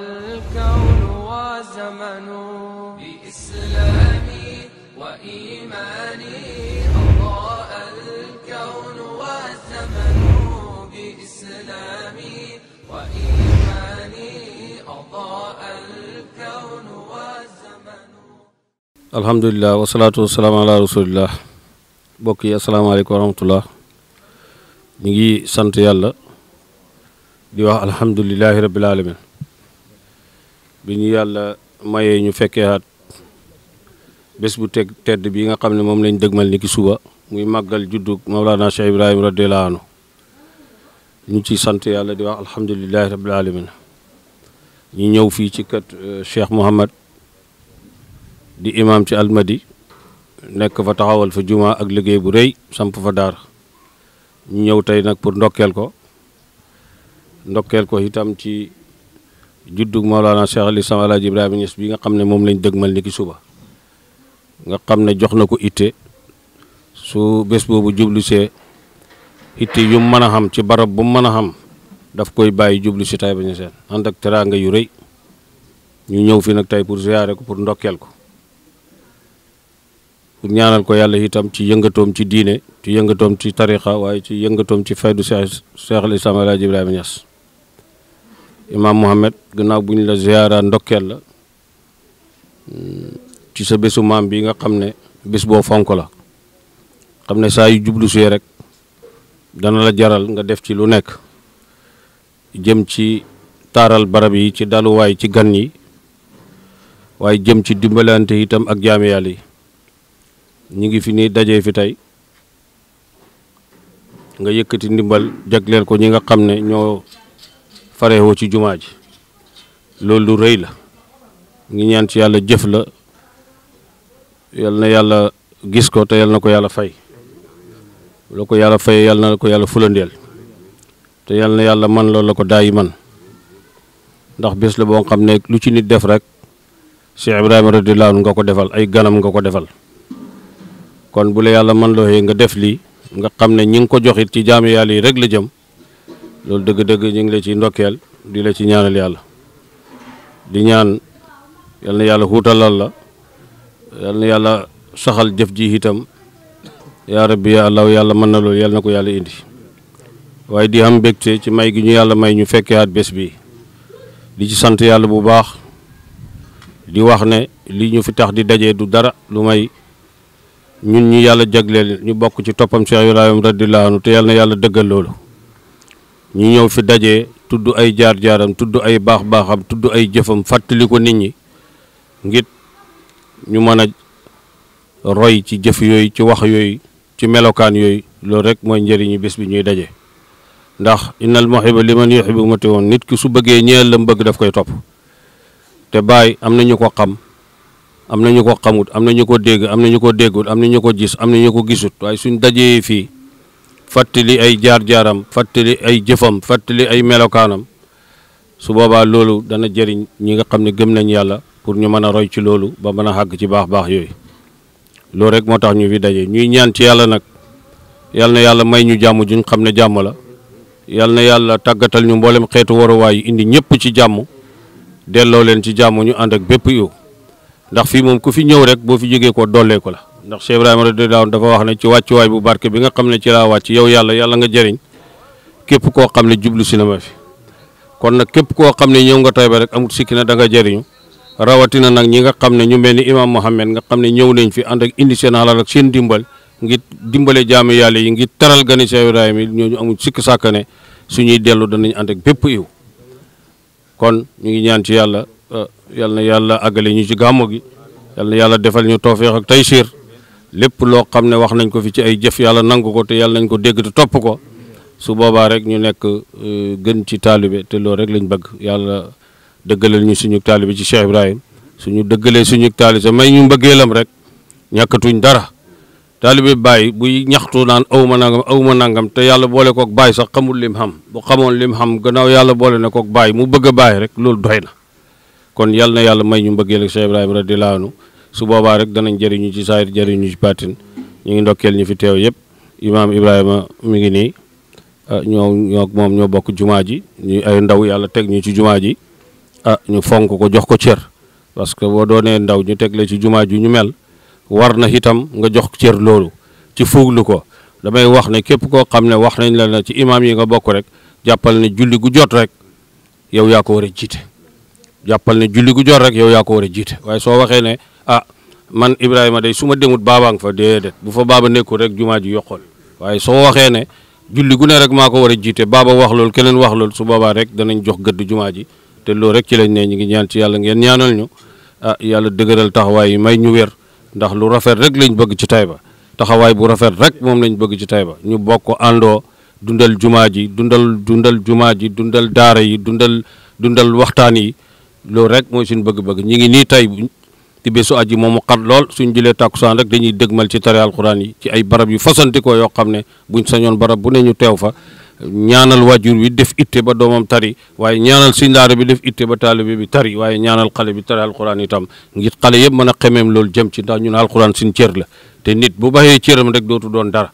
الكون وزمن بإسلامي وإيماني أضاء الكون والزمن بإسلامي وإيماني أضاء الكون والزمن الحمد لله والصلاة والسلام على رسول الله بوكي السلام عليكم ورحمة الله نيجي سنت يالا دي wax alhamdulillahi rabbil alamin bi ñu yàlla mayee ñu fekkeeaat bés bu teg tedd bi nga xam ne moom lañ dëgmal ni ki suba muy màggal juddug Mawlana Cheikh Ibrahima radiyallahu anhu ñu ci sant yàlla di wax alhamdulilahi rabbil alamin ñu ñëw fii ci kat euh, Cheikh Mouhamad di imam ci almadi nekk fa taxawal fa juma ak liggéey bu rëy samp fa daara ñu ñëw tey nag pour ndokkeel ko ndokkeel ko itam ci juddug Mawlana Cheikh al Islam Alaaji Ibrahima Niass bi nga xam ne moom lañ mal ni ki suba nga xam ne jox na ko itte su bés boobu jublu see itte yu mën a xam ci barab bu mën a xam daf koy bàyyi jublu si Taïba Niassène ànd ak teraanga yu rëy ñu ñëw fi nag tey pour ziyaare ko pour ndokkeel ko pour ñaanal ko yàlla itam ci yëngatoom ci diine ci yëngatoom ci tarixa waaye ci yëngatoom ci faydu du Cheikh al Islam Alaaji Ibrahima Niass imaam Mohamed gannaaw bu ñu la ziyaara ndokkeel la mm, ci sa bésu maam bi nga xam ne bés boo fonk la xam ne saa yu jublu see rek dana la jaral nga def ci lu nekk jëm ci taaral barab yi ci daluwaay ci gan yi waaye jëm ci dimbalante itam ak jaami yi ñu ngi fi nii dajee fi tey nga yëkkati ndimbal jagleel ko ñi nga xam ne ñoo farewoo ci jumaa ji loolu lu rëy la ngi ñaan ci yàlla jëf la yal na yàlla gis ko te yal na ko yàlla fay loo ko yàlla fay yal na ko yàlla fulandeel te yal na yàlla man loo la ko daay man ndax bés la boo xam ne lu ci nit def rek Cheikh Ibrahima radiyallahu anhu nga ko defal ay ganam nga ko defal kon bu la yàlla man looyee nga def lii nga xam ne ñi nga ko joxit ci jaami yàlla yi rek la jëm loolu dëgg-dëgg ñu ngi la ci ndokkeel di la ci ñaanal yàlla di ñaan yal na yàlla xuutalal la yàlla saxal jëf ji itam yaa rabbi yaa allahu yàlla mën na loolu yal na ko yàlla indi waaye di am mbégte ci may gi ñu yàlla may ñu fekkee at bés bi di ci sant yàlla bu baax di wax ne li ñu fi tax di dajee du dara lu may ñun ñu yàlla jagleel ñu bokk ci toppam Cheikh Ibrahima radiyallahu anhu te yal na yàlla dëggal loolu ñu ñëw fi daje tudd ay jaar-jaaram tudd ay baax-baaxam tudd ay jëfam fàttali ko nit ñi ngir ñu mën a roy ci jëf yooyu ci wax yooyu ci melokaan yooyu loolu rek mooy njëriñu bis bi ñuy daje ndax innal muhibba liman yuhibbu mati woon nit ki su bëggee ñeel la mu bëgg daf koy topp te bàyyi am na ñu ko xam am na ñu ko xamut am na ñu ko dégg am na ñu ko déggut am na ñu ko gis am na ñu ko gisut waaye suñ dajee fii fàttali ay jaar-jaaram fàttali ay jëfam fàttali ay melokaanam su boobaa loolu dana jëriñ ñi nga xam ne gëm nañ yàlla pour ñu mën a roy ci loolu ba mën a xàgg ci baax-baax yooyu loolu rek moo tax ñu fi daje ñuy ñaan ci yàlla nag yal na yàlla may ñu jàmm juñ xam ne jàmm la yàlla na yàlla tàggatal ñu mboolem xeetu waruwaay yi indi ñëpp ci jàmm delloo leen ci jàmm ñu ànd ak bépp yow ndax fii moom ku fi ñëw rek boo fi jógee ko dollee ko la ndax Cheikh Ibrahima radiyallaahu dafa wax ne ci waay bu barke bi nga xam ne ci laa wàcc yow yàlla yàlla nga jëriñ képp koo xam ne jublu si na ma fi kon nag képp koo xam ne ñëw nga Tayba rek amul sikki na da nga jëriñu rawatina nag ñi nga xam ne ñu mel ni imaam Mohamed nga xam ne ñëw nañ fi ànd ak indi seen alal ak seen dimbal ngir dimbale jaamu yàlla yi ngir taral gani Cheikh Ibrahima yi ñoo ñu amul sikki sàkk su ñuy dellu danañ ànd ak bépp yiw kon ñu ngi ñaan ci yàlla euh, yàlla yàlla àggale ñu ci gi yàlla na ñu tawfeex ak lépp loo xam ne wax nañ ko fi ci ay jëf yàlla nangu ko te yàlla nañ ko dégg te topp ko su boobaa rek ñu nekk euh, gën ci taalibe te lool rek lañ bëgg yàlla dëggalal ñu suñu taalibe ci Cheikh Ibrahim suñu dëggalee suñu taalibe may ñu mbëggeelam rek ñàkkatuñ dara taalibe bàyyi buy ñaxtu naan aw ma nangam aw ma nangam te yàlla boole kook bàyyi sax xamul lim xam bu xamoon lim xam gannaaw yàlla boole na kook bàyyi mu bëgg a bàyyi rek loolu doy na kon yàlla na yàlla may ñu mbëggeel ak Cheikh Ibrahim su boobaa rek danañ jëriñu ci saayir jëriñu ci baatin ñu ngi ndokkeel ñu fi teew yëpp imaam Ibrahima mi ngi nii ah, ñoo moom ñoo bokk jumaa ji ñu ay ndaw yàlla teg ñu ci jumaa ji ah ñu fonk ko jox ko cër parce que boo doonee ndaw ñu teg ci jumaa ji ñu mel war na itam nga jox cër loolu ci fuuglu ko damay wax ne képp koo xam ne wax nañ la ne ci imaam yi nga bokk rek jàppal na julli gu jot rek yow yaa ko war a jiite jàppal na julli gu jot rek yow yaa ko war a jiite waaye soo waxee ne ah man Ibrahima dey su ma demut baabaa nga fa déedéet bu fa baaba nekkul rek jumaa ji yokkal waaye soo waxee ne julli gu ne rek maa ko war a jiite baaba wax loolu keneen wax lool su boobaa rek danañ jox gëdd jumaa ji te loolu rek ci lañ ne ñu ngi ñaan ci yàlla ngeen ñaanal ñu ah yàlla dëgëral taxawaay yi may ñu wér ndax lu rafet rek lañ bëgg ci Taïba taxawaay bu rafet rek moom lañ bëgg ci Taïba ñu bokk àndoo dundal jumaa ji dundal dundal jumaa ji dundal daara yi dundal dundal waxtaan yi loolu rek mooy suñu bëgg-bëgg ñi ngi nii tey di bésu aji moomu xat lool suñ julee tàkkusaan rek dañuy mal ci tari alxuraan yi ci ay barab yu fasantikoo yoo xam ne buñ sañoon barab bu ne ñu teew fa ñaanal waajur bi def itte ba doomam tari waaye ñaanal si ndaara bi def itte ba taalibe bi tari waaye ñaanal xale bi tari alxuraan itam ngir xale yëpp mën a xemeem loolu jëm ci ndax ñun alxuraan suñ cër la te nit bu baxee cëram rek dootu doon dara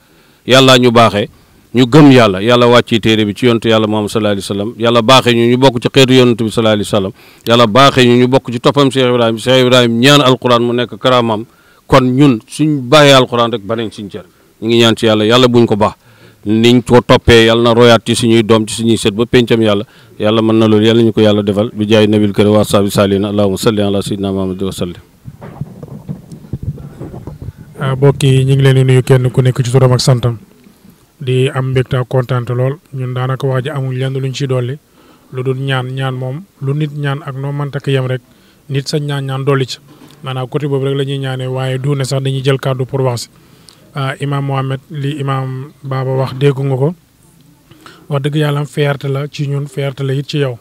yàlla ñu baaxee ñu gëm yàlla yàlla wàcci téere bi ci yontu yàlla Muhammad sallallahu alayhi wa sallam yàlla baaxee ñu ñu bokk ci xeetu yontu bi sallallahu alayhi wa sallam yàlla mu nekk karamam kon ñun suñ bàyyee alquran ko baax niñ ko toppee yàlla na royaat ci suñuy doom ci suñuy sët ba péncam yàlla yàlla mën na loolu yàlla ñu ko yàlla defal bi jaay nabil kër waa saabi saalina allahumma salli ala sayyidina Muhammad wa sallim ah, mbokk yi ñu ngi leen di am mbégte ak kontaante lool ñun daanaka wax ji amul lenn luñ ci dolli lu dul ñaan ñaan moom lu nit ñaan ak noo mën takk yem rek nit sañ ñaan ñaan dolli ci maanaam côté boobu rek la ñuy ñaanee waaye du ne sax dañuy jël kàddu pour wax si ah, imaam Mohamed li imaam Baba wax dégg ko wax dëgg yàlla am la ci ñun fierté la ci yow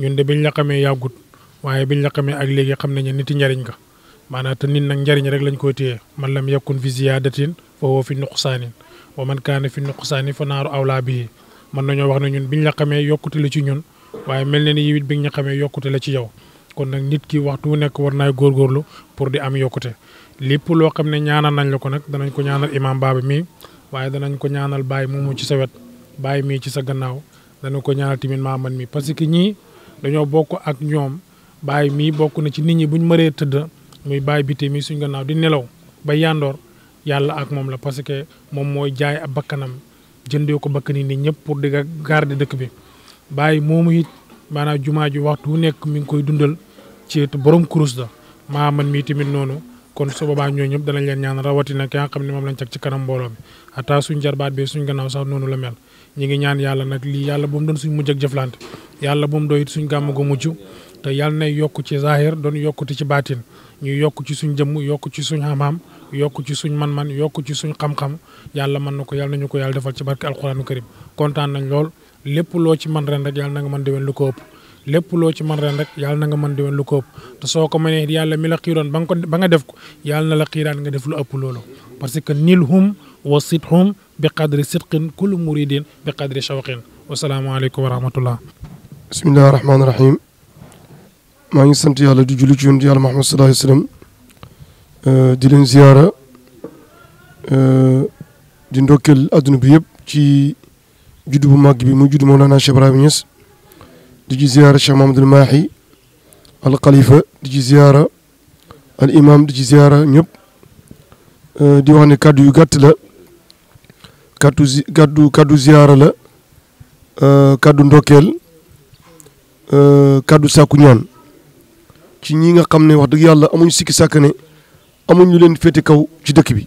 ñun de biñ la xamee yàggut waaye biñ la xamee ak léegi xam nañu nit njariñ nga maanaam te nit nag lañ koy téye man fi ziyaadatin fa wa man kaana fi nuqsaani fa naaru awlaa bii mën nañoo wax ne ñun biñ la xamee yokkute la ci ñun waaye mel na ni yow bi biñ ñu xamee yokkute la ci yow kon nag nit ki waxtu wu nekk war naay góorgóorlu pour di am yokkute lépp loo xam ne ñaanal nañ la ko nag danañ ko ñaanal imaam baaba mii waaye danañ ko ñaanal bàyyi moomu ci sa wet bàyyi mii ci sa gannaaw dana ko ñaanal tamit maa man mii parce que ñii dañoo bokk ak ñoom bàyyi mii bokk na ci nit ñi buñ mëree tëdd muy bàyyi biti mii suñ gannaaw di nelaw ba yandoor yàlla ak moom la parce que moom mooy jaay ab bakkanam jëndee ko bakkan yi nii ñëpp pour di garder dëkk bi bàyyi moomu it maanaam jumaa ju waxtu wu nekk mu ngi koy dundal ci borom kurus la maa man mii tamit noonu kon su boobaa ñoo ñëpp danañ leen ñaan rawatina ki nga xam ne moom lañ teg ci kanam mbooloo mi ata suñ jarbaat bi suñ gannaaw sax noonu la mel ñi ngi ñaan yàlla nag lii yàlla boom mu doon suñ mujj ak jëflante yàlla bu mu doon it suñ gàmm gu te yàlla na yokk ci zahir doon yokkute ci baatin ñu yokk ci suñ jëmm yokk ci suñ xam-xam yokk ci suñ man-man yokk ci suñ xam-xam yàlla mën na ko yàlla nañu ko yàlla defal ci barke alxuraanu karim kontaan nañ lool lépp loo ci man ren rek yàlla na nga mën déwén lu ko ëpp lépp loo ci man ren rek yàlla na nga mën déwén lu ko ëpp te soo ko manee yàlla mi la xiiroon ba nga ko ba nga def ko yàlla na la xiiraan nga def lu ëpp loolu parce que nil hum wa sit hum bi qadri sidqin kullu muridin bi qadri shawqin wasalaamaaleykum wa rahmatullah bismillahi rahmaani rahim maa ngi sant yàlla di julli ci yonent yàlla Muhammad sallallahu alayhi wasallam euh, di leen ziyaara euh, di ndokkeel adduna bi yëpp ci juddu bu màgg bi muy juddu Mawlana Cheikh Ibrahima di ci ziyaara Cheikh Mahamadul Mahi al Khalifa di ci ziyaara al di ci ziyaara ñëpp euh, di wax ne kàddu yu la kàddu kàddu kàddu ziyaara la kàddu ndokkeel kàddu sàkku ñaan ci ñii nga xam ne wax dëgg yàlla amuñu sikki sàkk ne amuñu leen féete kaw ci dëkk bi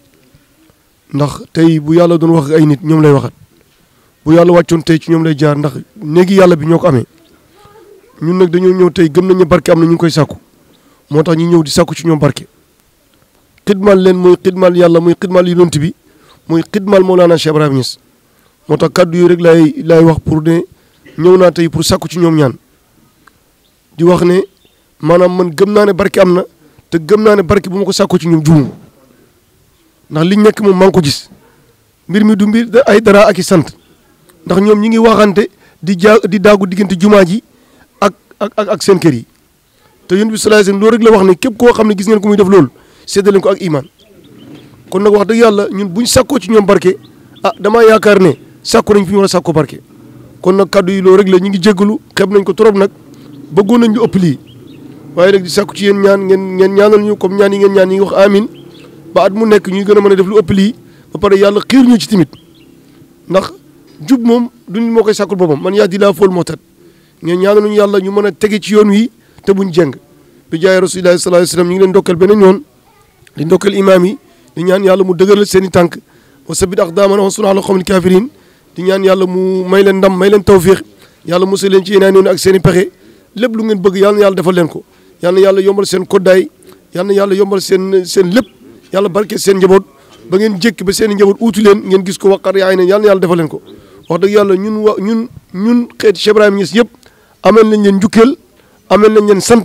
ndax tey bu yàlla doon wax ay nit ñoom lay waxat bu yàlla wàccoon tey ci ñoom lay jaar ndax néegi yàlla bi ñoo ko amee ñun nag dañoo ñëw tey gëm nañu barke am na ñu koy sàkku moo tax ñu ñëw di sakku ci ñoom barke xidmaal leen mooy xidmaal yàlla mooy xidmaal yonent bi mooy moo Mawlana Cheikh Ibrahima Niass moo tax kàddu yooyu rek lay laay wax pour ne ñëw naa tey pour sakku ci ñoom ñaan maanaam man gëm naa ne barke am na te gëm naa ne barke bu ma ko sàkkoo ci ñoom juum ndax liñ nekk moom maa ngi ko gis mbir mi du mbir ay dara ak i sant ndax ñoom ñi ngi waxante di jaa di daagu diggante jumaa ji ak ak ak seen kër yi te yonent bi sallallahu alayhi wasallam la wax ne képp koo xam ne gis ngeen ko muy def loolu séddaleen ko ak imaan kon nag wax dëgg yàlla ñun buñ sàkkoo ci ñoom barke ah damaa yaakaar ne sàkku nañ fi ñu war a barke kon nag kàddu yi loolu rek la ñu ngi jéggalu xeeb nañ ko trop nag bëggoon nañ lu ëpp lii waaye nag di sàkku ci yéen ñaan ngeen ngeen ñaanal ñu comme ñaan yi ngeen ñaan yi wax amin mu nekk ñuy gën a mën a def lu lii ba pare yàlla xiir ñu ci timit ndax jub moom du nit moo koy boppam man yaa di laa fool moo tat ngeen ñaanal ñu yàlla ñu mën a tege ci yoon wi te buñ jeng bi jaay rasulillahi sallallahu alayhi wasallam ñu ngi leen ndokkal beneen yoon di ndokkal imaam yi di ñaan yàlla mu dëgëral seen i tànk wa sabit aqdaamana wansurna ala qawmil kafirin di ñaan yàlla mu may leen ndam may leen tawfiq yàlla musal leen ci yeneen yoon ak seen i pexe lépp lu ngeen bëgg yàlla yàlla defal leen ko yal na yombal seen koddaay yal na yàlla yombal seen seen lépp yàlla barke seen njaboot ba ngeen jékki ba seen i njaboot uutu leen ngeen gis ko waqar yaay neen yal na yàlla defal leen ko wax dëgg yàlla ñun wa ñun ñun xeeti Cheikh Ibrahima Niass yëpp ameel nañ leen njukkeel ameel nañ leen sant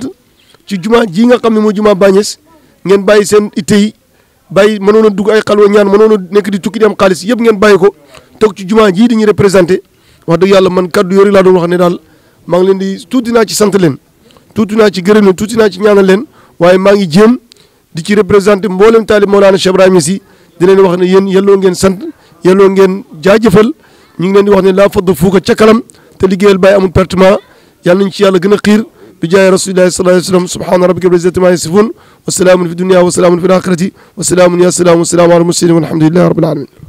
ci jumaa jii xam ne mooy jumaa Baay Ñas ngeen bàyyi seen itte yi bàyyi mënoon a dugg ay xalwa ñaan mënoon nekk di tukki di xaalis yëpp ngeen bàyyi ko toog ci jumaa jii di ñu représenté wax dëgg yàlla man kaddu yori laa doon wax ne daal maa ngi leen di tuuti naa ci sant leen tuuti naa ci gërëm leen tuuti naa ci ñaanal leen waaye maa ngi jéem di ci représenté taali taalib Mawlana Cheikh Ibrahima Sy di leen wax ne yéen yelloo ngeen sant yelloo ngeen jaajëfal ñu ngi leen di wax ne laa fadd fuuka ca kanam te liggéeyal bàyyi amul pertement yàlla nañ ci yàlla gën a bi jaay rasulillahi sallallahu alayhi wa sallam subhaana rabbika rabbil izzati ammaa yasifuun wa salaamun fi dunya wa salaamun fi l wa salaamun ya salaamu wa salaamu ala mursalin walhamdulillahi rabbil alamin